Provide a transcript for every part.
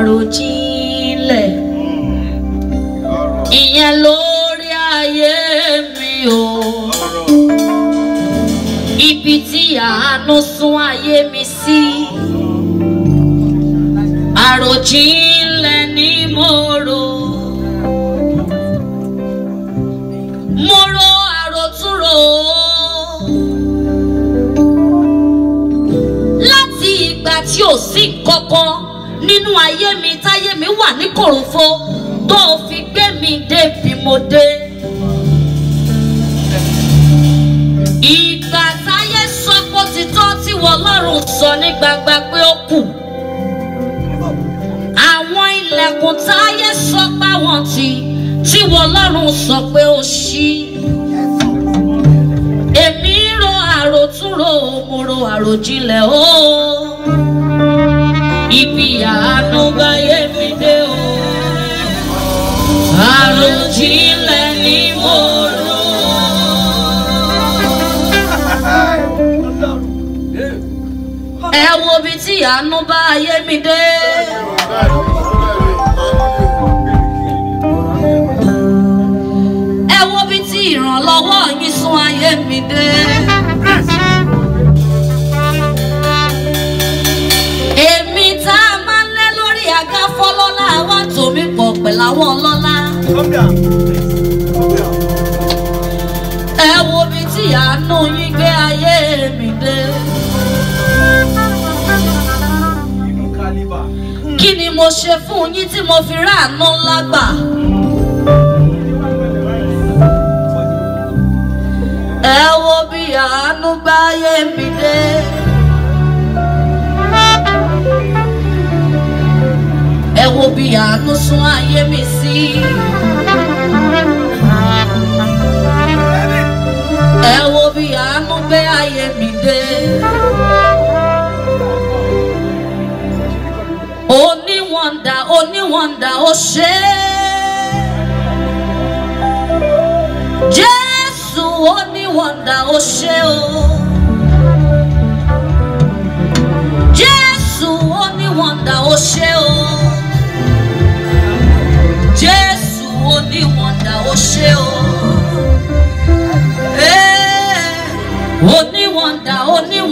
àròjinlẹ̀ ìyẹn lórí ayé mi o ibi tí àánú sún ayé mi sí àròjinlẹ̀ ni mo rò mo rò àròtúrò. láti ìgbà tí ò sí kankan nínú ayé mi táyé mi wà ní kòròfo tó o fi gbé mi dé bí mo dé. ìgbà táyé sọ pé ti tọ́ tí wọ́n lọ́rùn sọ ní gbagba pé ó kù. àwọn ilẹ̀kùn táyé sọ pé àwọn ti tí wọ́n lọ́rùn sọ pé ó ṣí. èmi ro àròtúrò mo ro àròjinlẹ̀ ooo ibi àánú bá yé mi dé o. Àròjinlẹ̀ ni mo rò. Ẹ wo ibi tí àánú bá yé mi dé. Ẹ wo ibi tí ìrànlọ́wọ́ yín sún ayé mi dé. torí pọ̀ pẹ̀lú àwọn ọlọ́lá. ẹ wo bí tí àánú yín gbé ayé mi dé. kí ni mo ṣe fún yín tí mo fi ráàánú ńlá gbà. ẹ wo bí àánú gbáyé mi dé. fi àánú sún ayé mi sí. ẹ wo bí àánú gbé ayé mi dé. oníwọ̀nda oníwọ̀nda ó ṣe é. Jésù oníwọ̀nda ó ṣe o. Jésù oníwọ̀nda ó ṣe o.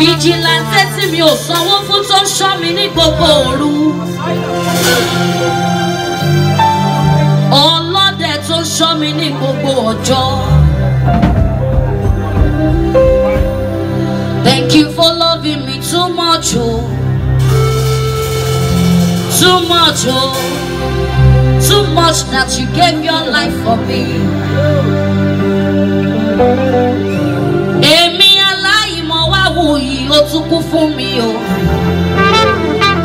fìjìláńtẹ́ tí mi ò sanwó fún tó ń ṣọ́ mi ní gbogbo òru. ọlọ́dẹ tó ń ṣọ́ mi ní gbogbo ọjọ́. Thank you for loving me too much, oh. Too much, oh. Too much that you gave your life for me. tún kú fún mi o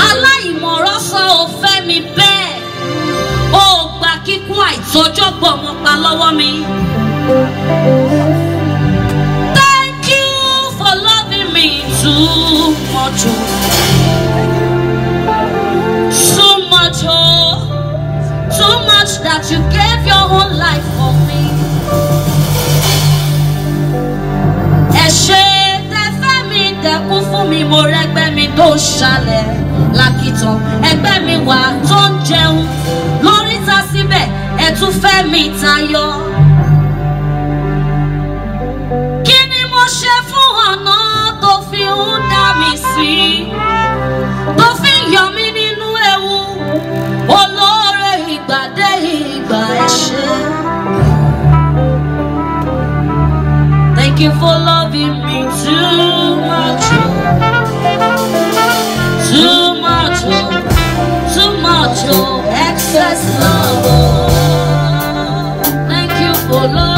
aláìmọ̀ràn sọ ò mi bẹ́ẹ̀ ó gba kíkú àìtọ́jọ́ bọ̀ wọ́n pa lọ́wọ́ mi. Thank you for loving me too much. kún fún mi mo rẹ́gbẹ́ mi tó ṣalẹ̀ lákìtàn ẹgbẹ́ mi wà tó ń jẹun lórí ta síbẹ̀ ẹ̀ tún fẹ́ mi tayọ. Jesus, Lord. Thank you for love.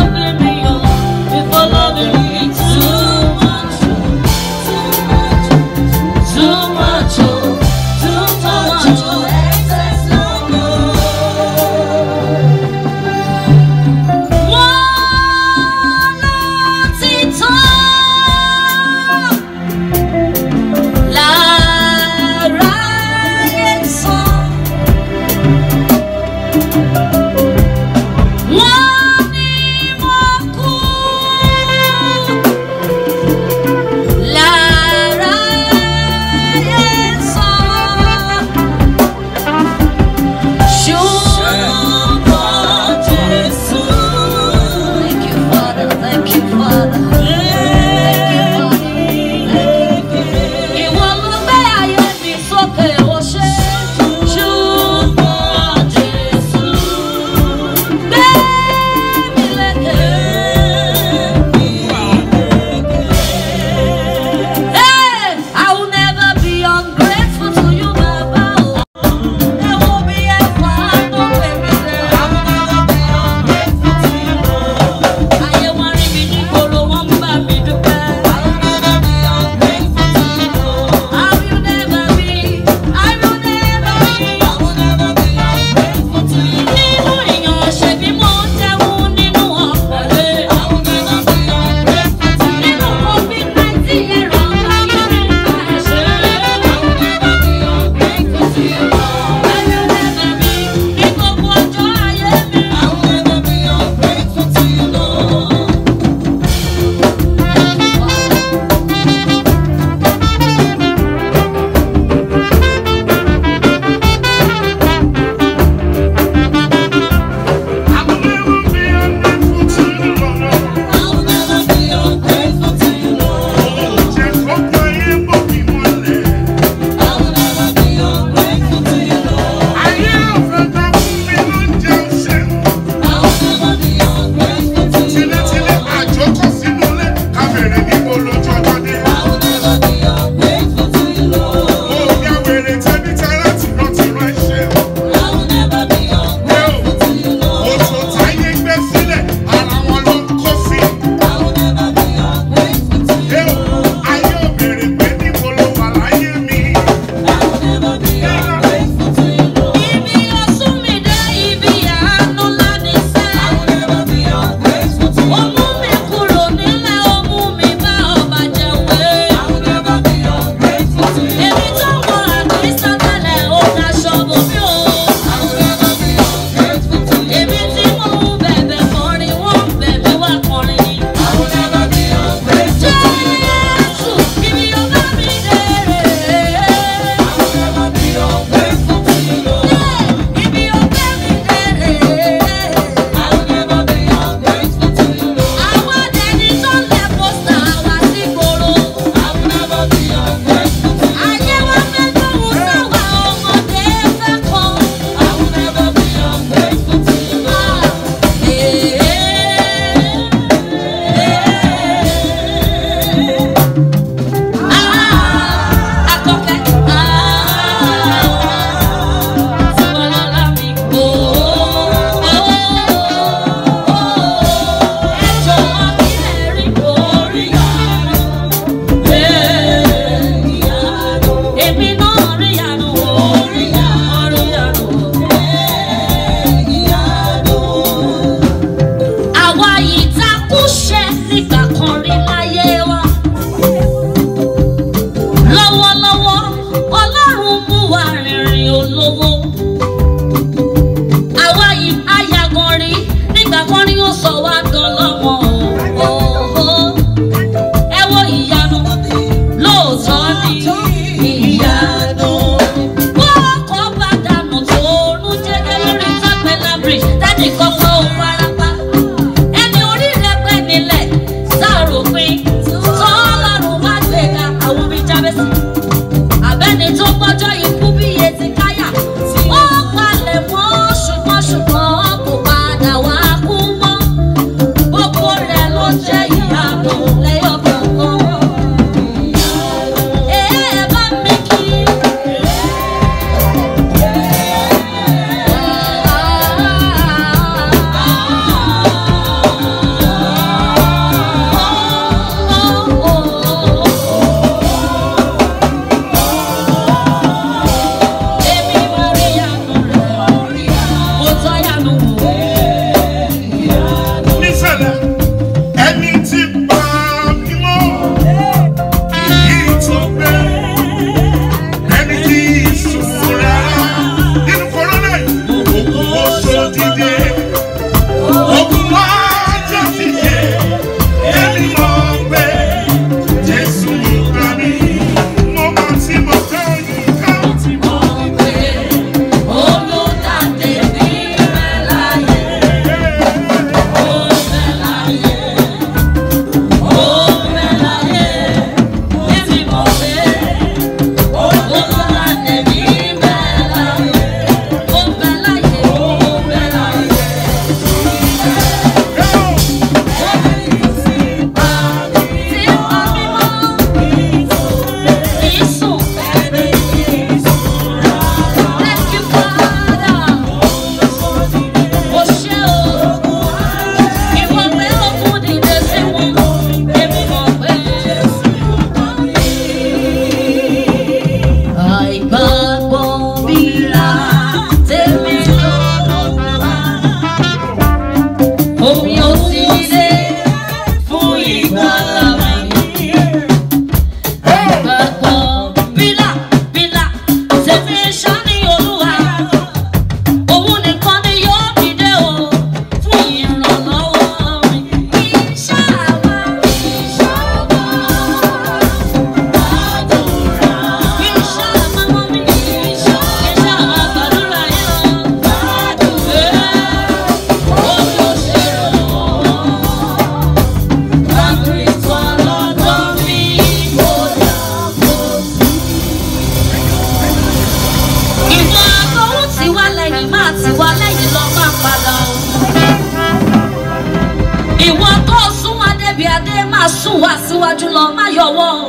sún wá síwájú lọ má yọwọ́ o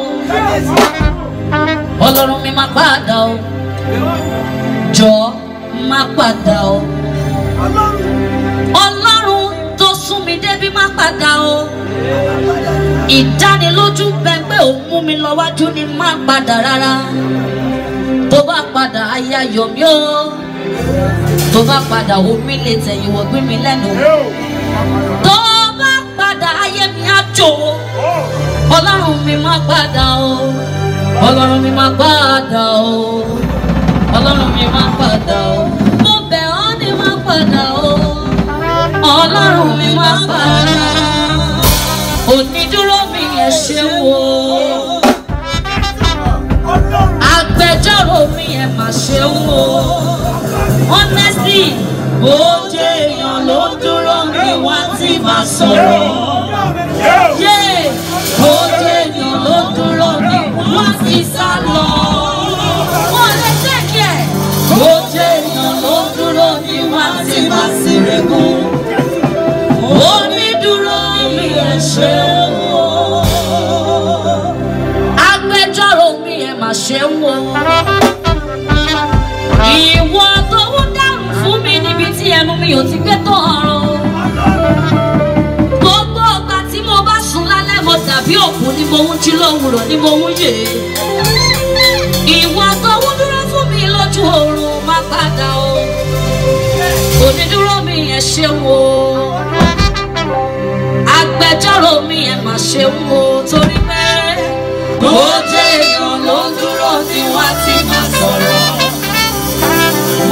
ọlọ́run mi má padà o jọ má padà o ọlọ́run tó sún mi débi má padà o ìdánilójú bẹ pé ò mú mi lọ wájú ni má padà rárá tó bá padà aya yọ̀ mí o tó bá padà omi lè tẹ̀yìn wọ̀ gbé mi lẹ́nu tó bá padà ayé mi á jò o ọlọ́run mi má padà o ọlọ́run mi má padà o ọlọ́run mi má padà o mo bẹ̀ ọ́ ni má padà o ọlọ́run mi má padà onídúró mi yẹn ṣe wò agbẹjọ́rò mi yẹn má ṣe wò honestly ó jẹ́ èèyàn ló dúró mi wá tí màá sọ̀rọ̀. àṣẹ wọn. ìwọ tó ń dàrú fún mi níbi tí ẹnu mi ò ti gbé tó gbogbo ọgbà tí mo bá sùn lálẹ́ mo dàbí òkú ni mo ń jí lówùrọ̀ ni mo ń yè. ìwọ tó ń dúró fún mi lójú oorun má padà o. onídúró mi yẹn ṣe wo agbẹjọ́rò mi ẹ̀ mà ṣe ń torí pé